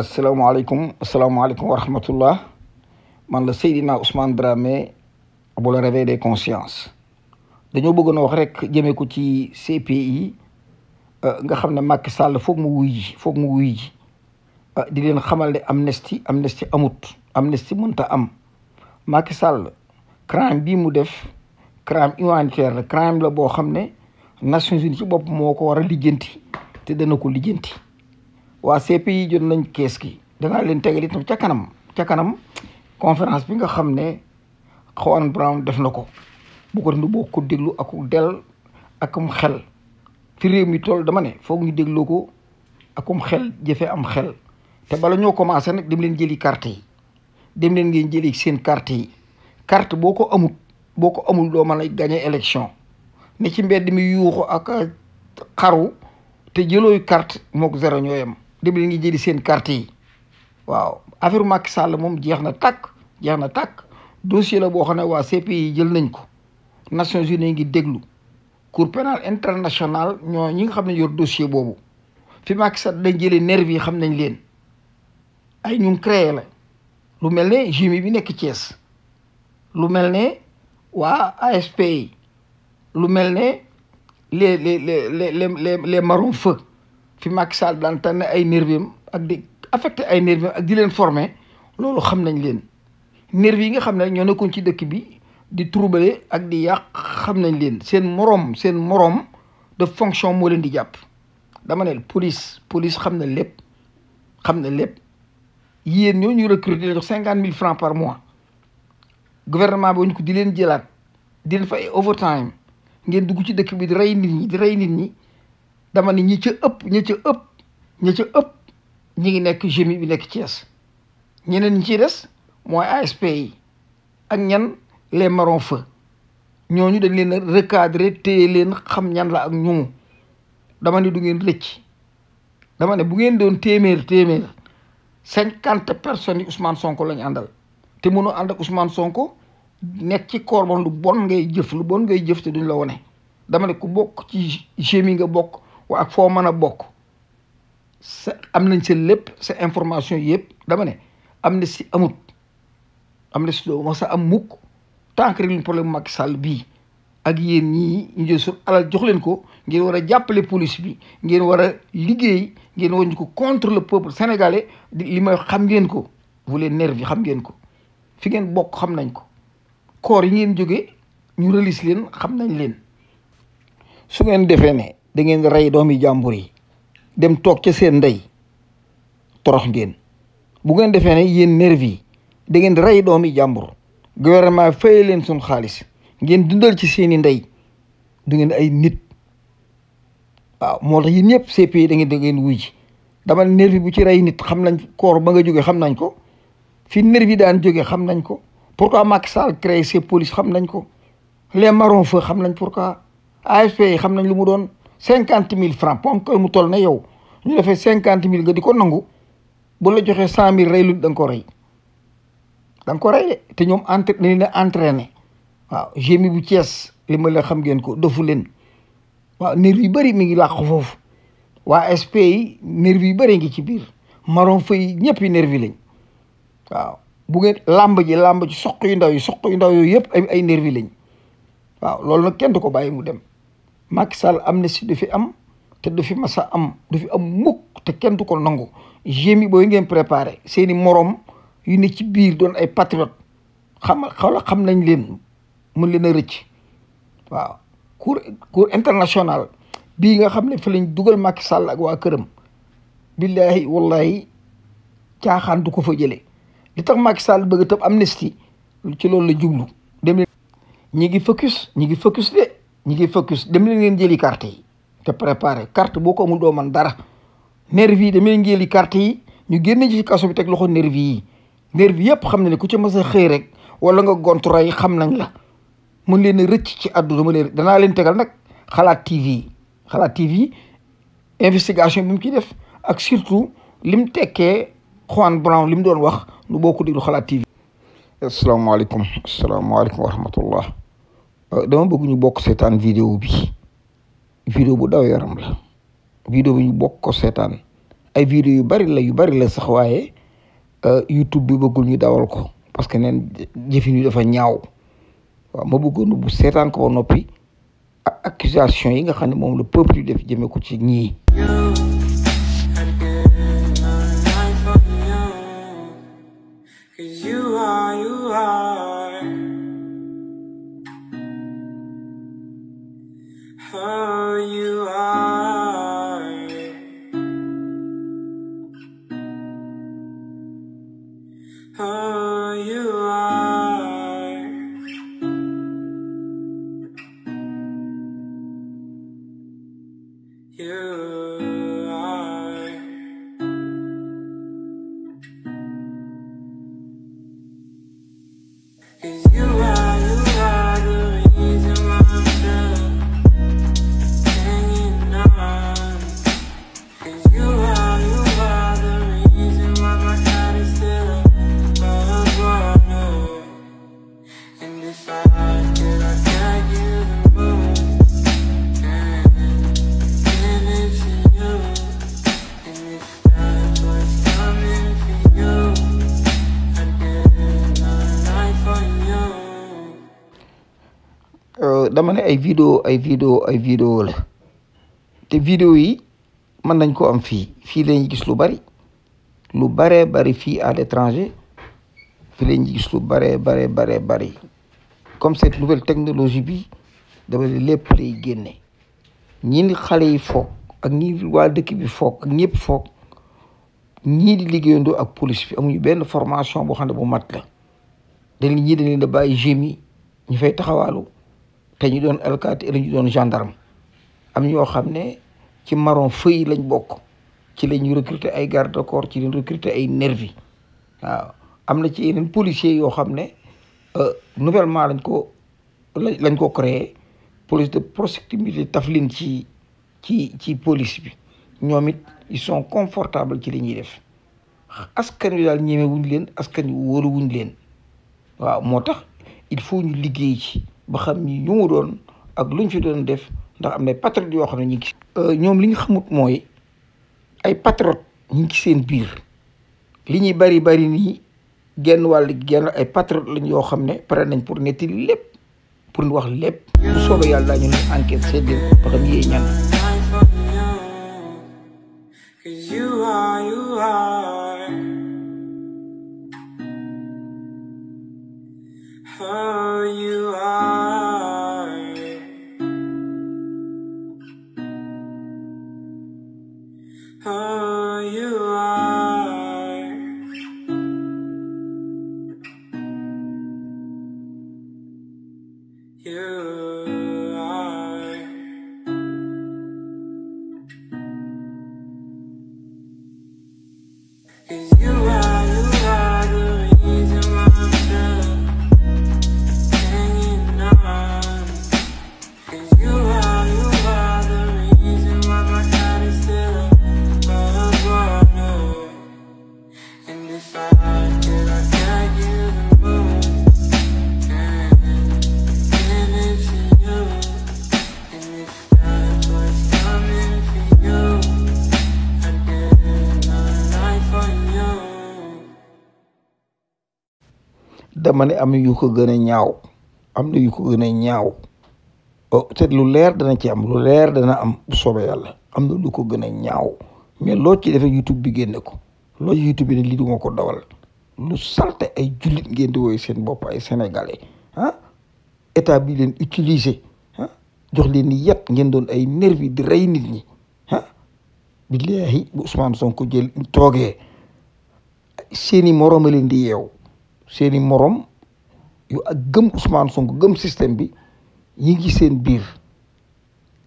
asalaamaaleykum asalaamaaleykum wa rahmatullah man la Seydina Ousmane Dramé bu la réveil des dañoo bëggoon a wax rek jëmee ko ci CPI euh, nga xam ne Macky Sall foog mu wuy foog mu wuy euh, di leen xamal ne amnistie amnistie amut amnistie mënta am Macky Sall crime bii mu def crime humanitaire la crime la boo xam ne Nations Unies ci bopp moo ko war a lijjanti te dana ko lijjanti. waa CPI jot nañ kees gi danaa leen tegal itam ca kanam ca kanam conférence bi nga xam ne Juan Brandt def na ko bu ko dund boo ko déglu aku del akum xel fi réew mi toll dama ne foog ñu dégloo ko akum xel jëfe am xel te bala ñoo commencé nag dem leen jëli carte yi dem leen ngeen jëli seen carte yi carte boo ko amut boo ko amul doo mën a gagné élection ne ci mbedd mi yuuxoo ak xaru te jëlooy carte mook zéro ñooyam dem leen ngi jëli seen carte yi waaw affaire Macky moom jeex na takk jeex na takk dossier la boo xam ne waa CPI jël nañ ko Nations Unies ngi déglu Cour pénale internationale ñoo ñi nga xam ne yor dossier boobu fi Macky Sall dañ jëlee nervi xam nañ leen ay ñun créé la lu mel ne GMI bi nekk Thiès lu mel ne waa ASP lu mel ne les les les les les les marron feu fi Macky Sall daan tànn ay nervim ak di affecté ay nervim ak di leen former loolu xam nañ leen nervi yi nga xam ne ñoo nekkoon ci dëkk bi di troubler ak di yàq xam nañ leen seen moroom seen moroom de fonction moo leen di jàpp dama ne police police xam na lépp xam na lépp yéen ñoo ñu recruter leen jox cinquante mille francs par mois gouvernement bi wañ ko di leen jëlaat di leen fay overtime ngeen dugg ci dëkk bi di rey nit ñi di rey nit ñi dama ni ñi ci ëpp ñi ci ëpp ñi ci ëpp ñu ngi nekk gémi bi nekk ci Thiès ñeneen ñi ciy des mooy ASP yi ak ñan les marron ñooñu dañ leen a recadrer leen xam ñan la ak ñumu dama ni du ngeen rëcc dama ne bu ngeen doon téeméer téeméer cinquante personnes yi Ousmane Sonko lañu àndal te mënu ànd ak Sonko nekk ci koor bon lu bon ngay jëf lu bon ngay jëf te duñ la wone dama ne ku bokk ci gémi nga bokk ak foo mën a bokk sa am nañ sa lépp sa information yëpp dama ne am na si amut am na si doo ma sa am mukk tant que rek problème Macky Sall bii ak yéen ñi ñu jël suñu alal jox leen ko ngeen war a jàppale police bi ngeen war a liggéey ngeen waññi ko contre le peuple sénégalais li may xam ngeen ko vous les nervis xam ngeen ko fi ngeen bokk xam nañ ko koor yi ngeen jógee ñu release leen xam nañ leen su ngeen defee ne da ngeen rey doomi jàmbur yi dem toog ca seen ndey torox ngeen bu ngeen defee na yéen nervi yi da ngeen rey doomi jàmbur gouvernement fay leen suñ xaalis ngeen dundal ci seeni ndey du ngeen ay nit waaw moo tax yéen ñëpp CPI da ngeen da ngeen wuy ji dama nervi bu ci rey nit xam nañ koor ba nga jógee xam nañ ko fi nervi daan jógee xam nañ ko pourquoi Macky Sall créé ses polices xam nañ ko les marrons xam nañ pourquoi AFP yi xam nañ lu mu doon cinquante mille francs ponkal mu toll na yow ñu defee cinquante mille nga di ko nangu bu la joxee cent mille rey lu da nga ko rey da ko rey de te ñoom entre dañu leen entraîné waaw gémi bu Thiès li ma la xam ngeen ko defu leen waaw nervi yu bëri mi ngi làq foofu waa SP yi nervi yu bëri ngi ci biir maron fay ñëpp yi nervi lañ waaw bu ngeen làmb ji làmb ji soq yu ndaw yi soq yu ndaw yooyu yëpp ay nervi lañ waaw loolu na kenn du ko bàyyi mu dem Macky Sall amnistie du fi am te du fi masa am du fi am muk te kenn du ko nangu jémi booy ngeen préparé seeni morom yu ne ci biir doon ay patriote xam xawla xam nañ leen mën leen a rëcc waaw cour international bii nga xam ne fi lañ dugal Macky Sall ak waa këram billahi wallahi caaxaan du ko fa jëlee di tax Macky Sall bëgg a tëb amnistie ci loolu la jublu dem leen ñi ngi focus ñi ngi focus de ñi ngi focus dem leen ngeen jëli carte yi te préparé carte boo ko mun doo man dara nervi yi dem leen jëli carte yi ñu génne ci kaso bi teg loxo nervi yi nervi yëpp xam na ne ku ci mës a rek wala nga gont yi xam nañ la mën leen rëcc ci àdduna ma leen danaa leen tegal nag xalaat TV xalaat TV investigation bi mu ci def ak surtout lim tekkee Juan Branco li mu doon wax nu boo ko déglu xalaat TV. asalaamaaleykum asalaamaaleykum wa rahmatullah Euh, dama bëgg ñu bokk seetaan vidéo bi vidéo bu daw yaram la vidéo bi ñu bokk ko seetaan ay vidéo yu bari la yu bari la sax waaye euh, YouTube bi bëggul ñu dawal ko parce que neen jëfin yu dafa ñaaw waaw ma bëggoon bu seetaan ko ba noppi accusation yi nga xam ne moom la peuple yu def jëmee ko ci ñii 和依赖，和依赖，you。Euh, dama ne ay vidéo ay vidéo ay vidéo la te vidéo yi mën nañ ko am fii fii lañuy gis lu bari lu baree bari fii à l'étranger fii lañuy gis lu baree baree baree bari comme cette nouvelle technologie bi dama ne lépp lay génne di xale yi foog ak ñi dëkk bi foog ñëpp foog ñii di liggéeyandoo ak police bi amuñu benn formation boo xam ne bu mat la dañ ñii dañ leen da bàyyi gémi ñu fay taxawaalu te ñu doon alkaati la ñu doon gendarme am ñoo xam ne ci marron feuille lañ bokk ci la ñu recruter ay garde corps ci lañ recruter ay nervi waaw am na ci yeneen policiers yoo xam ne euh, nouvellement lañ ko lañ ko créé police de proximité taf leen ci ci ci police bi ñoom it ils son confortables ci li ñuy def askan wi daal ñeme wuñ leen askan wi wóolu wuñ leen waaw moo tax il faut ñu liggéey ci ba xam ñi ñu mu doon ak luñ fi doon def ndax am na patriote yoo xam ne ñu euh, ñoom li ñu xamut mooy ay patriote ñu ngi seen biir li ñuy bari bari nii genn wàll genn ay patriote lañ yoo xam ne pare nañ pour netti lépp pour wax lépp bu soobee yàlla ñu ne enquête seddil ba xam yee ñan oh, ma ne am yu ko gën a ñaaw am na yu ko gën ñaaw oh, lu leer dana cee am lu leer dana am bu soobee yàlla am na lu ko gën a ñaaw mais loo ci defee YouTube bi génne ko loo ci YouTube bi ne lii du ma ko dawal lu salte ay julit ngeen di woy seen bopp ay sénégalais ah état bi leen utiliser ah? jox leen ni yet ngeen doon ay nervi di rey nit ñi ah billahi bu Ousmane Sonko jël toogee seeni moroom a leen di yeew seeni moroom yu ak gëm Ousmane Sonko gëm système bi ñi ngi seen biir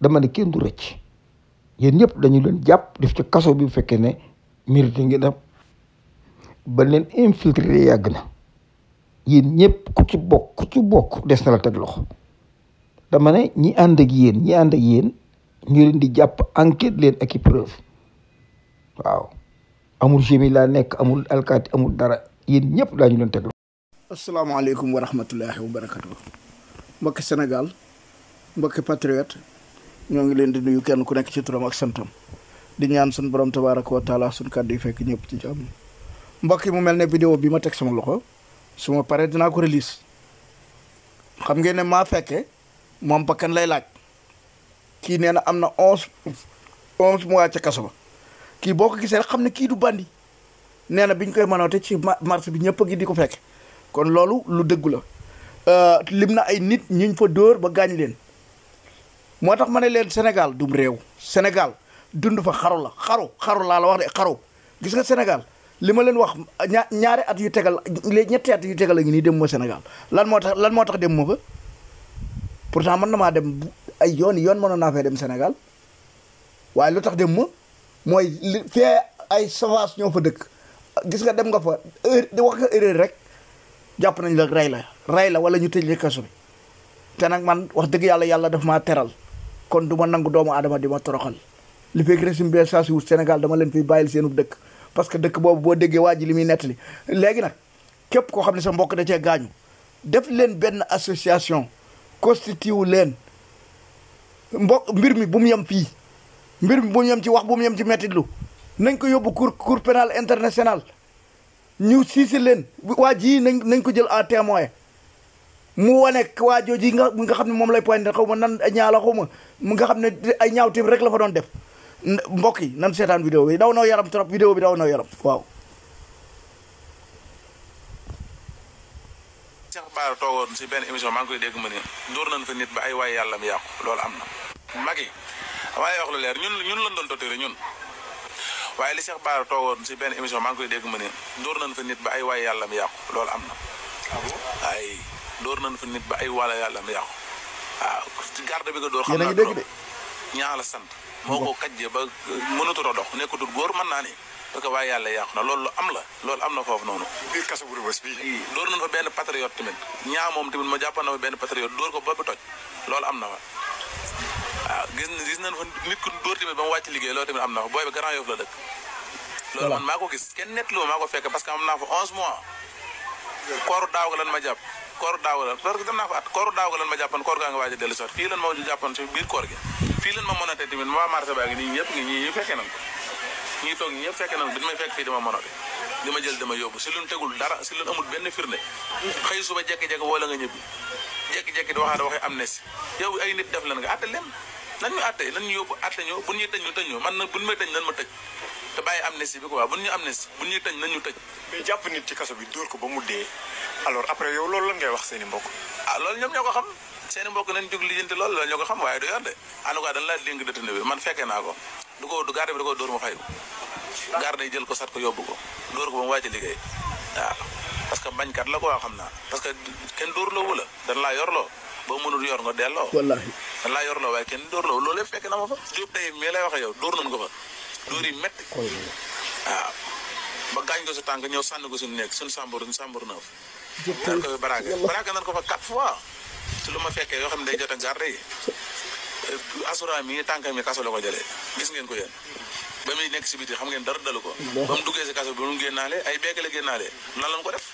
dama ne kenn du rëcc yéen ñëpp dañu leen jàpp def ci kaso bi bu fekkee ne mérite ngi leen infiltré yàgg na yéen ñëpp ku bokk des na loxo dama ne ñi ànd ak yéen ñi ànd ak yéen ñu leen di jàpp enquête leen ak i preuve waaw amul gémi laa nekk amul alkaati amul dara yéen ñëpp daañu leen teg asalaamaaleykum wa rahmatullahi wa barakatu mbokki Sénégal mbokki patriote ñoo ngi leen di nuyu kenn ku nekk ci turam ak santam di ñaan sun borom tabaaraka wa taala sun kàddu yi fekk ñëpp ci jàmm mbokki mu mel ne vidéo bi ma teg sama loxo suma paree dinaa ko release xam ngeen ne maa fekke moom bakkan lay laaj kii nee na am na onze onze mois ca kaso ba kii boo ko gisee rek xam ne kii du bandi nee na biñ koy mënoote ci mars bi ñëpp a ngi di ko fekk kon loolu lu dëggu la euh, lim na ay nit ñuñ fa dóor ba gaañ leen moo tax ma ne leen senegal dum réew Sénégal dund fa xaru la xaru xaru laa la wax de xaru gis nga Sénégal li ma leen wax ñaa ñaari at yu tegal léegi ñetti at yu tegal la ngi nii dem ma Sénégal lan moo tax lan moo tax dem ma fa pourtant mën na maa dem ay yoon yoon mënoon naa fee dem senegal waaye lu tax dem ma mooy li fee ay savants ñoo fa dëkk gis nga dem nga fa heure wax nga erreur rek jàpp nañ la rey la rey la wala ñu tëj la kaso te nag man wax dëgg yàlla yàlla daf maa teral kon du ma nangu doomu aadama di ma toroxal li rek si bi saa si wut Sénégal dama leen fiy bàyyil seenu dëkk parce que dëkk boobu boo déggee waa ji li muy léegi nag képp koo xam ne sa mbokk da cee gaañu def leen benn association constitué wu leen mbokk mbir mi bu mu yem fii mbir mi bu mu yem ci wax bu mu yem ci mettitlu nañ ko yóbbu cour cour pénal international ñu siisi leen waa ji nañ nañ ko jël à témoin mu wane waa jooji nga nga xam ne moom lay pointé xaw ma nan a ñaala xaw ma nga xam ne ay ñaawteef rek la fa doon def mbokk yi nan seetaan vidéo bi daw na yaram trop vidéo bi daw na yaram waaw. Cheikh Bara toogoon si benn émission ma ne dóor nañ fa nit yàlla mi yàqu loolu am na. mag yi waaye wax lu leer ñun ñun lañ doon ñun. waaye li Cheikh Bara toogoon si benn émission maa ngi koy dégg ma ne dóor nañ fa nit ba ay waay yàlla mi yàqu loolu am ah ay dóor nañ fa nit ba ay wala yàlla mi yàqu waaw ah, ci garde bi nga door xam naa dégg de la sant. moo ko kajje ba mënatut a dox nekkatul góor mën naa ne. parce que waaye yàlla yàqu na loolu am la am na foofu noonu. biir kaso bu rëbës fa benn patriot tamit ñaa moom tamit ma jàppoon na fa benn patriote door ko ba bu toj loolu am na fa waaw ah, gis gis nañ fa nit ku dóor la dëkk loolu man maa ko gis kenn nettali maa ko fekk parce que am naa fa onze mois kooru daaw ga lan ma jàpp kooru daaw ga lan parce que dem naa fa at kooru daaw ga lan ma jàppoon koor gaa nga waaj a dellu sot fii lan ma jàppoon si biir koor gi fii lan ma monote tamit ma waa marché baa ngi nii ñëpp ngi ñii ñu fekkee nañ ko ñii toog ñëpp fekkee nañ ko dañ may fekk fii dama monote di ma jël dama yóbbu si luñ tegul dara si luñ amul benn firnde xëy suba jekki-jekki wala nga ñëbbi jekki-jekki di waxaat waxee amnistie yow ay nit def lan nga atte leen lan ñu atte lan ñu yóbbu atte man na buñu may tëj lan ma tëj te bàyyi amnistie bi ko waaw bu ñu amnistie bu ñuy tëj nañu tëj. mais jàpp nit ci kaso bi dóor ko ba mu dee alors après yow loolu lan ngay wax seen i mbokk. ah loolu ñoom ñoo ko xam seen i mbokk nañ jóg lijjanti loolu loolu ñoo ko xam waaye du yor de en tout cas dañ laa dénk détenu bi ko du ko garde ko dóor ma fay ko. garde yi jël ko ba mu wàcc liggéey waaw parce que bañkat la ko xam naa parce que kenn dóor la wu la dañ laa yor loo boo mënul yor nga delloo. wallaahi dañ laa yorloo waaye kenn dóor la lool loolu yëpp fekk na ma fa. Diop tey mii lay wax yow dóor na ko fa dóor yi métti. waaw ba gaañ ko sa tànk ñëw sànni ko suñu nekk suñu sàmbur suñu sàmbur neuf. jëkkër ko fi baraage nan ko fa quatre fois. te lu ma fekkee yoo xam ne day jot a garde yi. Euh, asura mi tànk mi kaso la ko jëlee gis ngeen ko yéen. ba muy nekk si biti xam ngeen dara dalu ko. ba mu duggee si kaso bi ba mu génnaale ay beek la génnaale lan lañ ko def.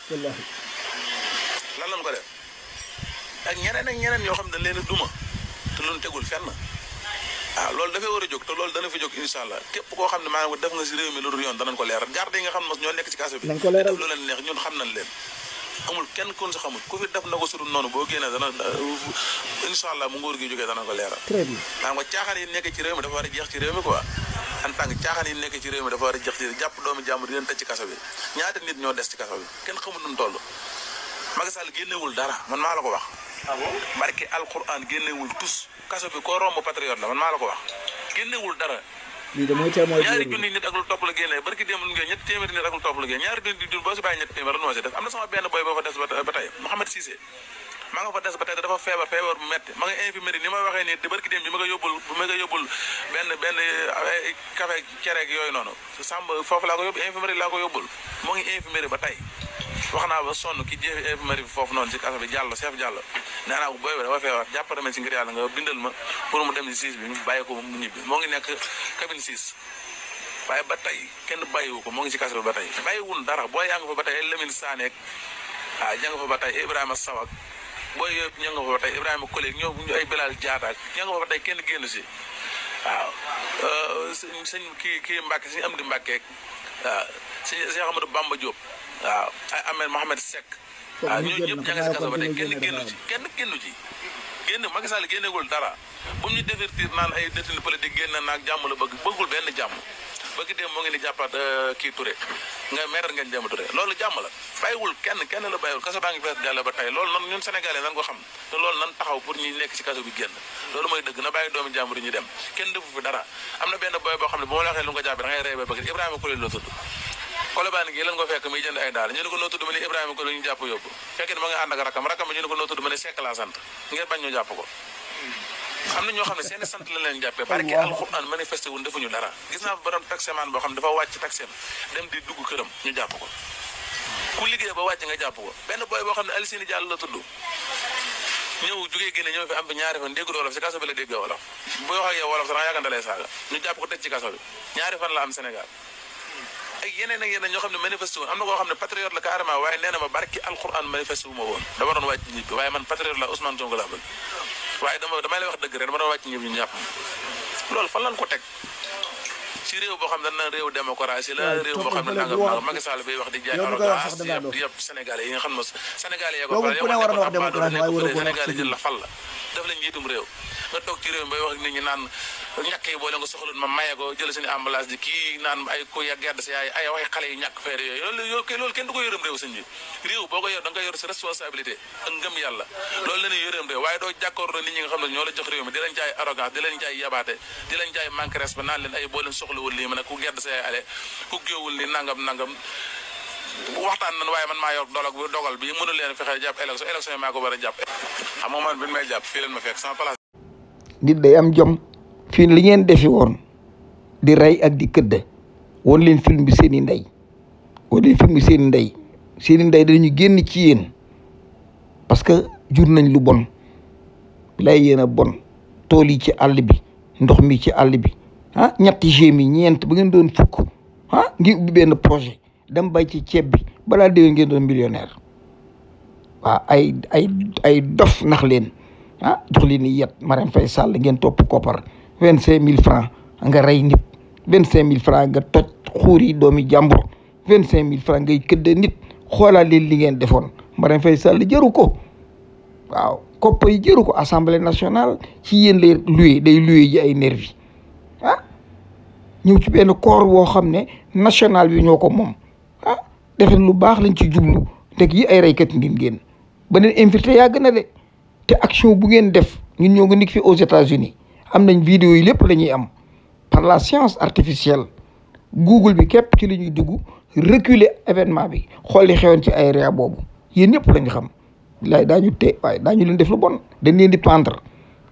lan lañ ko def. ak ñeneen ak ñeneen yoo xam ne dañ leen a duma te loolu tegul fenn. waaw ah, loolu dafay war a jóg te loolu dana fi jóg incha allah képp koo xam ne maanaam def nga si réew mi lu dul yoon danañ ko leeral garde yi nga xam ne ñoo nekk ci kaso bi amul kenn kon na ko sudul noonu boo génnee dana incha allah mu ngóor ko leeral très bien a yi nekk ci réew mi dafa war a jeex ci jàpp doomi jàmbur di leen ñaata nit ñoo des ci kaso bi kenn xamul nu mu toll Macky Sall génnewul dara man maa la ko wax. ah bon barke alquran génnewul tus kaso bi koo romb patriote la man maa la ko wax génnewul dara. lii de mooy càmmoñ ñaari junni nit ak lu topp la génne barki démb lu ngeen ñetti téeméeri nit ak lu topp la génne ñaari junni dul boo si bàyyi ñetti téeméer lan moo si def fa des ba tey Mouhamed Cissé maa nga fa des ba tey dafa feebar feebar bu metti ma nga ni ma waxee nii barki démb bi ma nga yóbbul bi ma nga yóbbul benn benn café cereeg yooyu noonu sàmb foofu laa ko yóbbu infirmerie laa ko yóbbul moo ngi infirmerie ba tey wax naa ba sonn ki jëf infirmerie bi foofu noonu si kaso bi jàllo chef jàllo nee naa ko booy bi dafa feebar jàppale ma si ngir yàlla nga bindal ma pour mu dem si siis bi ñu bàyyi ko mu ñibbi moo ngi nekk cabine siis waaye ba tey kenn bàyyiwu ko moo ngi si kaso ba tey bàyyiwun dara booy yaa nga fa ba tey Lamine Sané ak ah jàng nga fa ba tey Ibrahima Sawak booy yëpp ña fa ba tey Ibrahima collègue ñoo ñu ay Bilal Diatta ak ña nga fa ba tey kenn génn si waaw euh, sëñ kii kii Mbàkke sëñ Amdi Mbàkke waaw ah, sëñ Amadou Bamba Diop waaw ay amee Mohamed Seck. waaw ah, ñooñu ñëpp ña nga si kaso ba tey kenn génnu ci kenn génnu ci. génn Macky Sall génneegul dara bu mu ñu divertir naan ay détenu politique génn naag jàmm la bëgg bëggul benn jàmm bëgg dem moo ngi ni jàppaat euh, kii Touré nga mer ngeen jàmm loolu jàmm la bàyyiwul kenn kenn la bàyyiwul kaso baa ngi fees jàlle ba tey loolu nan ñun sénégalais nan ko xam te loolu nan taxaw pour ñu nekk ci kaso bi génn loolu mooy dëgg na bàyyi doomi jàmbur yi ñu dem kenn defu fi dara am na benn boy boo xam ne bu ma la waxee lu nga jàpp da ngay ba bëgg Ibrahima Koulé la tudd Colobane gi lan ko fekk muy jënd ay daal ñu ne ko noo tudd ma ne Ibrahima ko noo tudd ma ne Seck laa sant ngeen bañ ñu jàpp ko na ñoo xam ne seen sant la leen jàppee barke alxuraan manifesté wuñ defuñu dara gis naa borom taximaan boo xam dafa wàcc taxem dem di dugg këram ñu jàpp ko ku liggéey ba wàcc nga jàpp ko benn booy boo xam ne Alisini Diallo la tudd ñëw jugee génne ñëw fi am fi ñaari fan déggul wolof si kaso bi la déggee wolof bu wax ak yow ko teg ci kaso bi ñaari fan la am Sénégal ak yeneen ak yeneen ñoo xam ne manifesté woon am na koo xam ne patriote la carrément waaye nee ma barki alquran manifesté wu woon dama doon wàcc ñibbi waaye man patriote la Ousmane Sonko laa bëgg waaye damay lay wax dëgg rek dama doon wàcc ñibbi ñu ko teg ci réew boo xam ne dañ réew démocratie la eh, réew boo xam ne wax di jaay arrogance di yab di yab sénégalais yi xam ne sénégalais yi ko nekk sénégalais jël la fal la daf la njiitum naan ñàkk yi boole nga soxaloon ma maye ko jël seen ambulance di kii naan ku ya gedd yaay ay waxi xale yu ñàkk feere yooyu loolu loolu kenn du ko yërëm réew sëñ bi réew boo ko yor da nga yor si responsabilité ak ngëm yàlla loolu la yërëm waaye doo jàkkoor na nit ñi nga xam ne ñoo la jox réew mi di leen jaay arrogance di jaay yabaate di leen jaay manque naan leen ay boo leen soxlawul lii ma ne ku gedd sa yaay ale ku géewul li nangam nangam waxtaan nan waaye man maa yor dolag bi dogal bi mënu leen fexe jàpp élection élection yi maa ko war a jàpp xam nga man bi ma fekk sama place fii li ngeen defi woon di rey ak di këdd woon leen film bi seen i woon leen film bi seen i ndey seen da ñu dañu génn ci yéen parce que jur nañ lu bon lay yéen a bon tool yi ci àll bi ndox mi ci àll bi ah ñetti gémi ñeent ba ngeen doon fukk ah ngir ubbi benn projet dem bay ci ceeb bi balaa déwén ngeen doon millionnaire waaw ay ay ay dof nax leen ah jox leen i yet Marème Faye Sall ngeen topp koppar vingt cinq mille francs nga rey nit vingt cinq mille francs nga toj xuuri doomi jàmbur vingt cinq mille francs ngay këdde nit xoolal leen li ngeen defoon Marème Faye Sall jaru ko waaw kopp yi jëru ko assemblée nationale ci yéen lay luye day luye ji ay nervi ah, ci benn corps woo xam ne national bi ñoo ko moom ah defe lu baax lañ ci jublu teg yi ay reykat ngeen génn beneen invité yaa gën a de te action bu ngeen def ñun ñoo ngi nekk fi aux États-Unis am nañ vidéo yi lépp la ñuy am par la science artificielle google bi képp ci lu ñuy dugg reculer événement bi xool li xewoon ci aéria boobu yéen ñëpp lañu xam lay daañu tee waaye daañu leen def lu bon dañ leen di pendre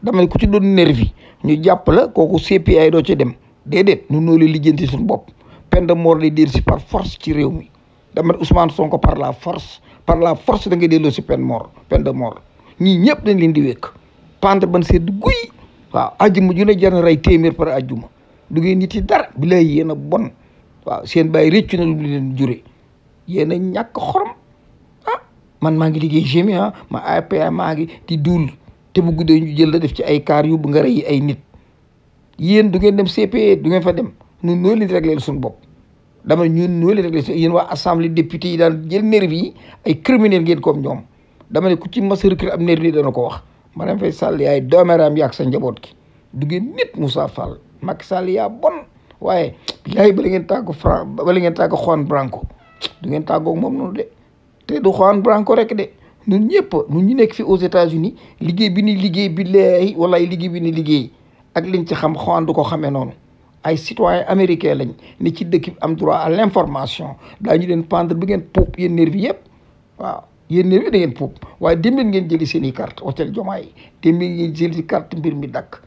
dama ne ku ci doon nervi ñu jàpp la kooku CPI doo ci dem déedéet nu noo leen lijjanti suñu bopp peine de mort lay dellu si par force ci réew mi dama ne Ousmane Sonko par la force par la force da ngay delloo si peine mort peine de ñëpp dañ leen di wékk pendre ban sedd guy waaw ajjuma ju ne jar na rey téeméer par ajjuma du ngeen nit yi dara bi lay yéen a bon waaw seen bay réccu na lu mu leen jure yéen a ñàkk xorom ah man maa ngi liggéey gémi e, ah ma APA maa ngi di duul te bu guddee ñu jël la def ci ay kaar yu bu nga ay nit yéen du ngeen dem CPE du ngeen fa dem ñun noo leen réglé suñu bopp dama ñun noo leen réglé suñu yéen waa assemblée député yi daan jël nervi yi ay criminel ngeen ñoom dama ne ku ci mas a recruter am nervi dana ko wax Marème Faye salli ay doomeram yak sa njaboot gi du ngeen nit Moussa Fall Macky Sall yaa bon waaye bilaay bala ngeen tàggu Fran bala ngeen tàggu Juan Branco du ngeen tàggoog moom noonu de te du Juan Branco rek de ñun ñëpp ñun ñu nekk fi aux États-Unis liggéey bi ni liggéey bi lay walaay liggéey bi ni liggéey ak liñ ci xam Juan du ko xamee noonu ay citoyen américain lañ ni ci dëkk am droit à l'information daañu leen pendre bi ngeen poop yéen nervi yëpp waaw yéen néew yi da ngeen puub waaye dimbali ngeen jëli seeni i carte hôtel Diomaye dimbali ngeen jëli carte mi dakk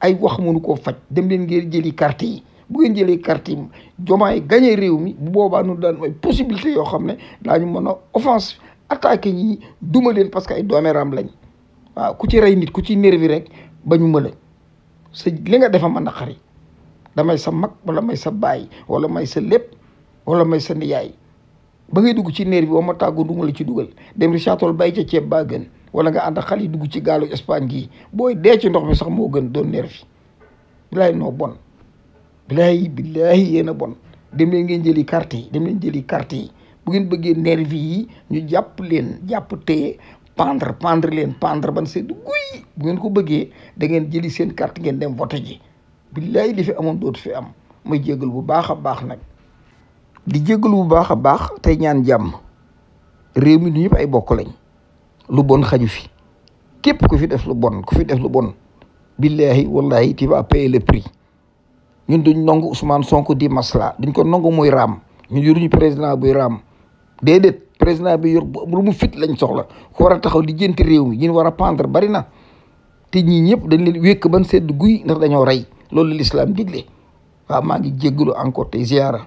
ay wax mënu koo faj dem leen ngeen jëli carte yi bu ngeen jëlee carte yi Diomaye gagné réew mi bu boobaa nu daan mooy possibilité yoo xam ne daañu mën a offense attaqué ñi duma leen parce que ay doomeeraam lañ waaw ku ci rey nit ku ci nervi rek ba ñu mën a sa li nga defam ma naqari damay sa mag wala may sa baay wala may sa lépp wala may sa niyaay ba ngay dugg ci néer bi wa ma tàggu duma la ci dugal dem risatol bay ca ceeb baa gën wala nga ànd ak xal yi dugg ci gaalu Espagne gii booy dee ci ndox mi sax moo gën doon neer fi noo bon bilaay bilaay yéen a bon dem leen ngeen jëli carte yi dem leen jëli bu ngeen bëggee nervi yi ñu jàpp leen jàpp teye pendre pendre leen pendre ban sedd guy bu ngeen ko bëggee da ngeen jëli seen carte ngeen dem vote ji billaay li fi amoon dootu fi am may jégal bu baax a baax nag di jégalu bu baax a baax tey ñaan jàmm réew mi du ñëpp ay bokk lañ lu bon xaju fi képp ku fi def lu bon ku fi def lu bon billahi wallahi tu vas payer le prix ñun duñ nangu Ousmane Sonko di masla duñ ko nangu muy raam ñun yoruñu président buy raam déedéet président bi yor lu mu fit lañ soxla ku war a taxaw di jënti réew mi ñun war a pendre bari na te ñii ñëpp dañ leen wékk ban sedd guy ndax dañoo rey loolu l'islam digle waa maa ngi jéggalu encore tey ziyaara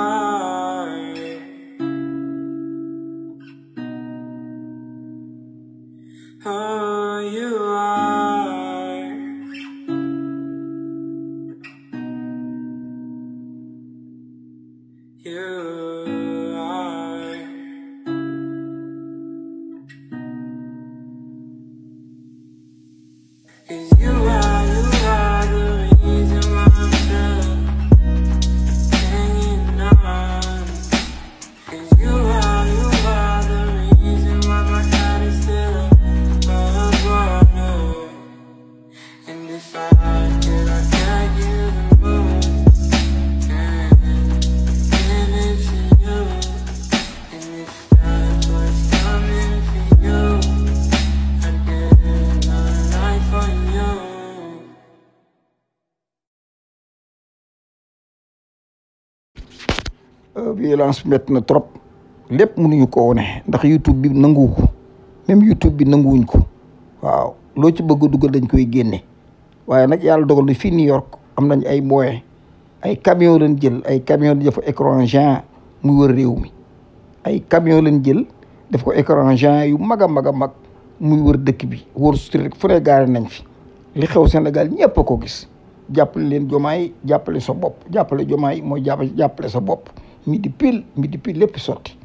you Euh, violence métti na trop lépp mënuñu ko wone ndax YouTube bi nanguwu ko même YouTube bi nanguwuñ ko waaw loo ci bëgg a dugal dañ koy génne waaye nag yàlla dogal na fii New York am nañ ay moyens ay camion lañ jël ay camion di def écran géant muy wër réew mi ay camion lañ jël def ko écran géant yu mag a mag a mag muy wër dëkk bi wër sutri rek fu ne gaare nañ fi li xew Sénégal ñëpp a ko gis jàppale leen yi jàppale sa bopp jàppale yi mooy jàppale sa bopp midi pile midi pile lépp sotti